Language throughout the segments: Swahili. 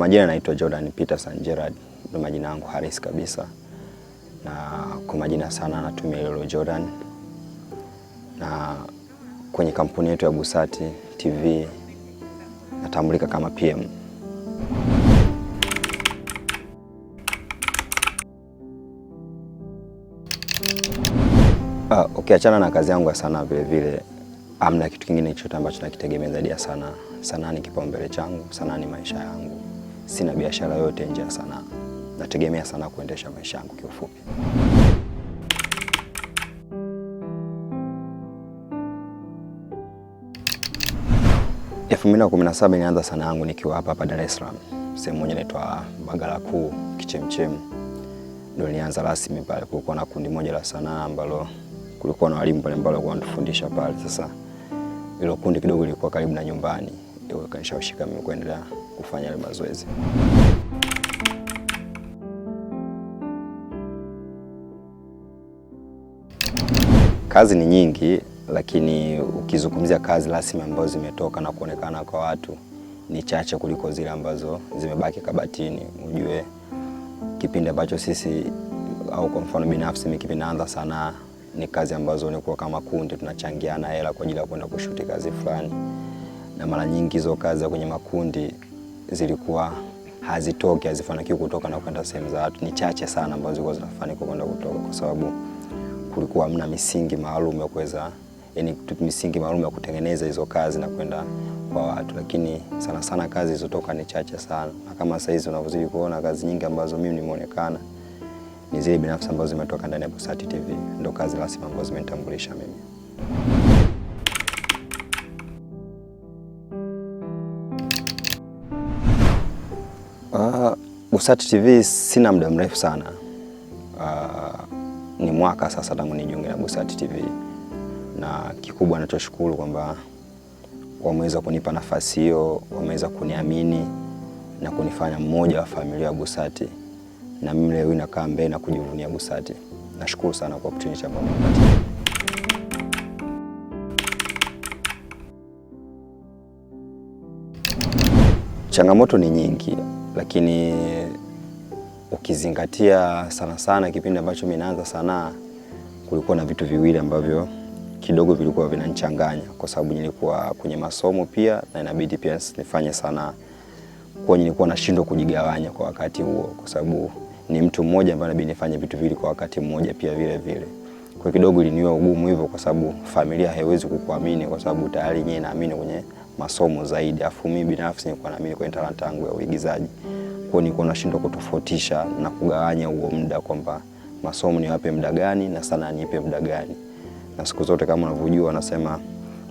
majina naitwa Jordan Peterson Gerard, ndo majina yangu harisi kabisa, na kwa majina sana natumia hilo Jordan, na kwenye kampuni yetu ya Busati TV natambulika kama PM. Ah, ukiachana okay, na kazi yangu ya sanaa vile vile amna kitu kingine chochote ambacho nakitegemea zaidi ya sanaa. Sanaa ni kipaumbele changu, sanaa ni maisha yangu sina biashara yoyote nje ya sanaa. Nategemea sana kuendesha maisha yangu kiufupi. elfu mbili na kumi na saba nilianza sanaa yangu nikiwa hapa hapa Dar es Salaam, sehemu moja inaitwa Bagala Kuu Kichemchem, ndio nilianza rasmi pale. Kulikuwa na kundi moja la sanaa ambalo kulikuwa na walimu mbalimbali wanatufundisha pale. Sasa ilo kundi kidogo lilikuwa karibu na nyumbani ndio kanishawishika mimi kuendelea kufanya yale mazoezi. Kazi ni nyingi, lakini ukizungumzia kazi rasmi ambazo zimetoka na kuonekana kwa watu ni chache kuliko zile ambazo zimebaki kabatini. Ujue kipindi ambacho sisi au kwa mfano binafsi mimi kipindi naanza sanaa, ni kazi ambazo ni kwa kama kundi tunachangiana hela kwa ajili ya kwenda kushuti kazi fulani na mara nyingi hizo kazi za kwenye makundi zilikuwa hazitoki, hazifanikiwi kutoka na kwenda sehemu za watu. Ni chache sana ambazo zilikuwa zinafanikiwa kwenda kutoka, kwa sababu kulikuwa hamna misingi maalum ya kuweza yani, misingi maalum ya kutengeneza hizo kazi na kwenda kwa watu, lakini sana sana kazi zilizotoka ni chache sana, na kama hizi unavyozidi kuona kazi nyingi ambazo mimi nimeonekana ni zile binafsi ambazo zimetoka ndani ya Busati TV. Ndo kazi rasmi ambazo zimenitambulisha mimi. Usati TV sina muda mrefu sana. Uh, ni mwaka sasa tangu nijiunge na Busati TV, na kikubwa nachoshukuru kwamba wameweza kunipa nafasi hiyo, wameweza kuniamini na kunifanya mmoja wa familia ya Busati, na mimi leo nakaa mbele na kujivunia Busati. Nashukuru sana kwa opportunity ambayo nimepatia. Changamoto ni nyingi, lakini ukizingatia sana sana kipindi ambacho mimi naanza sanaa, kulikuwa na vitu viwili ambavyo kidogo vilikuwa vinanichanganya, kwa sababu nilikuwa kwenye masomo pia na inabidi pia nifanye sanaa, kwa nilikuwa nashindwa kujigawanya kwa wakati huo, kwa sababu ni mtu mmoja ambaye inabidi nifanye vitu viwili kwa wakati mmoja pia vile vile. Kwa kidogo iliniwa ugumu hivyo, kwa sababu familia haiwezi kukuamini, kwa sababu tayari yeye naamini kwenye masomo zaidi, afu mimi binafsi nilikuwa naamini kwenye talanta yangu ya uigizaji kwa nilikuwa nashindwa kutofautisha na kugawanya huo muda kwamba masomo niwape muda gani na sanaa niipe muda gani, na siku zote kama unavyojua wanasema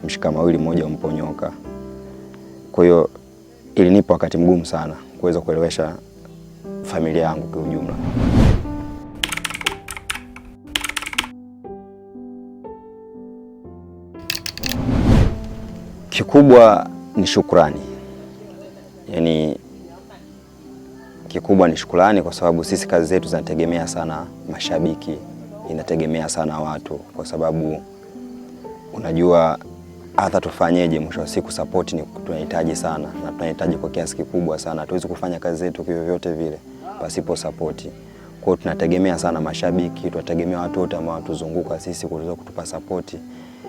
mshika mawili mmoja umponyoka. Kwa hiyo ilinipa wakati mgumu sana kuweza kuelewesha familia yangu kwa ujumla. Kikubwa ni shukrani, yaani Kikubwa ni shukrani, kwa sababu sisi kazi zetu zinategemea sana mashabiki, inategemea sana watu, kwa sababu unajua hata tufanyeje, mwisho wa siku support ni tunahitaji sana, na tunahitaji kwa kiasi kikubwa sana. Hatuwezi kufanya kazi zetu kivyovyote vile pasipo support. Kwa hiyo tunategemea sana mashabiki, tunategemea watu wote ambao watuzunguka sisi kuweza kutupa support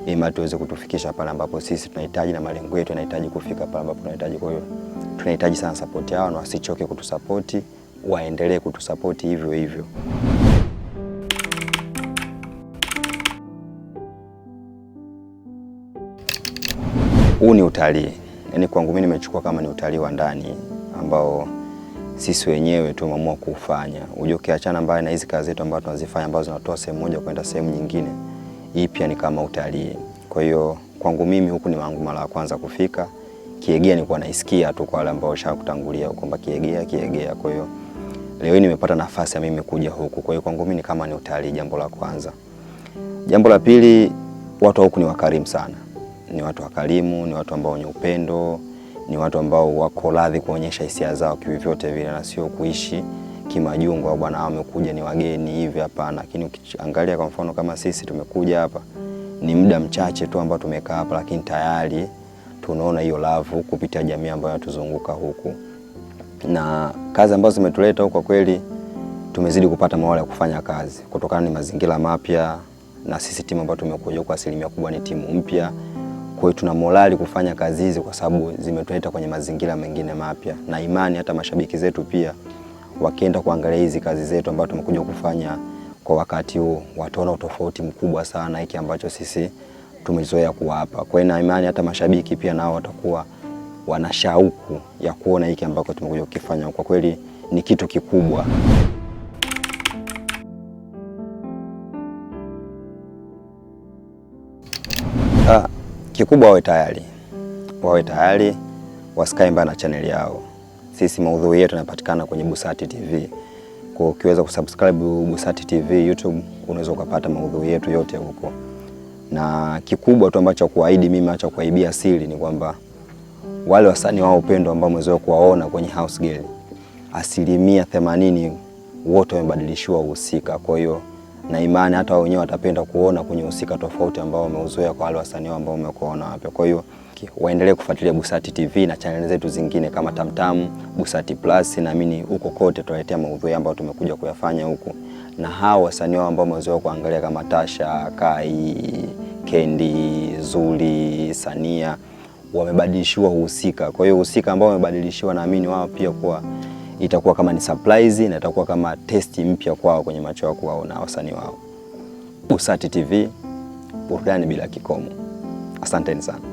ili tuweze kutufikisha pale ambapo sisi tunahitaji na malengo yetu yanahitaji kufika pale ambapo tunahitaji. Kwa hiyo tunahitaji sana sapoti yao, na wasichoke kutusapoti, waendelee kutusapoti hivyo hivyo. Huu ni utalii, yaani kwangu mimi nimechukua kama ni utalii wa ndani ambao sisi wenyewe tumeamua kuufanya. Unajua, ukiachana mbali na hizi kazi zetu ambazo tunazifanya ambazo zinatoa sehemu moja kwenda sehemu nyingine, hii pia ni kama utalii. Kwa hiyo kwangu mimi huku ni mangu mara ya kwanza kufika. Kiegea nilikuwa naisikia tu kwa wale ambao washakutangulia kwamba Kiegea, Kiegea. Kwa hiyo leo hii nimepata nafasi ya mimi kuja huku, kwa hiyo kwangu mimi ni kama ni utalii, jambo la kwanza. Jambo la pili, watu huku ni wakarimu sana, ni watu wakarimu, ni watu ambao wenye upendo, ni watu ambao wako radhi kuonyesha hisia zao kivyovyote vile na sio kuishi kimajungu au bwana amekuja ni wageni hivi, hapana. Lakini ukiangalia kwa mfano kama sisi tumekuja hapa ni muda mchache tu ambao tumekaa hapa, lakini tayari tunaona hiyo lavu kupitia jamii ambayo inatuzunguka huku, na kazi ambazo zimetuleta huku, kwa kweli tumezidi kupata mahala ya kufanya kazi kutokana na mazingira mapya, na sisi timu ambayo tumekuja kwa asilimia kubwa ni timu mpya. Kwa hiyo tuna morali kufanya kazi hizi kwa sababu zimetuleta kwenye mazingira mengine mapya, na imani hata mashabiki zetu pia wakienda kuangalia hizi kazi zetu ambazo tumekuja kufanya kwa wakati huu wataona utofauti mkubwa sana hiki ambacho sisi tumezoea kuwapa. Kwa hiyo na imani hata mashabiki pia nao watakuwa wana shauku ya kuona hiki ambako tumekuja kukifanya. Kwa kweli ni kitu kikubwa. Ah, kikubwa wawe tayari, wawe tayari, wasikae mbali na chaneli yao. Sisi maudhui yetu yanapatikana kwenye Busati TV. Kwa ukiweza kusubscribe Busati TV YouTube, unaweza ukapata maudhui yetu yote huko na kikubwa tu ambacho kuahidi mimi acha kuaibia siri ni kwamba wale wasanii wao upendo ambao mwezo kuwaona kwenye House Girl asilimia themanini wote wamebadilishiwa uhusika. Kwa hiyo na imani hata wao wenyewe watapenda kuona kwenye usika tofauti ambao wameuzoea kwa wale wasanii ambao umekuona wapya. Kwa hiyo waendelee kufuatilia Busati TV na chaneli zetu zingine kama Tamtam, Busati Plus, naamini huko kote tutaletea maudhui ambayo tumekuja kuyafanya huku, na hao wasanii wao ambao wamezoea kuangalia kama Tasha, Kai, Kendi, Zuri, Sania wamebadilishiwa uhusika. Kwa hiyo uhusika ambao wamebadilishiwa, naamini wao pia kuwa itakuwa kama ni surprise na itakuwa kama testi mpya kwao kwenye macho ya kuwaona wasanii wao. Busati TV, burudani bila kikomo. Asanteni sana.